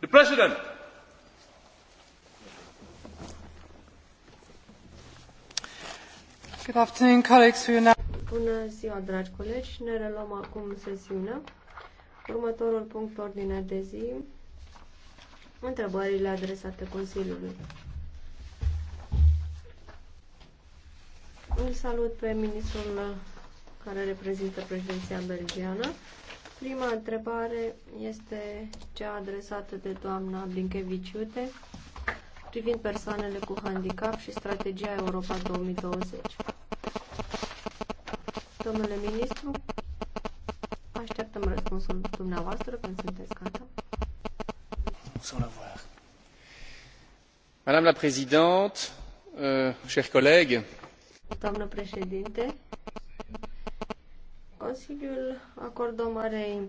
The President. Good afternoon, colleagues. We now... Bună ziua, dragi colegi. Ne reluăm acum sesiunea. Următorul punct pe ordinea de zi. Întrebările adresate Consiliului. Îl salut pe ministrul care reprezintă președinția belgiană. Prima întrebare este cea adresată de doamna Blinkeviciute privind persoanele cu handicap și strategia Europa 2020. Domnule ministru, așteptăm răspunsul dumneavoastră când sunteți gata. Madame la Présidente, euh, chers collègues, președinte, Consiliul acordă o mare importanță.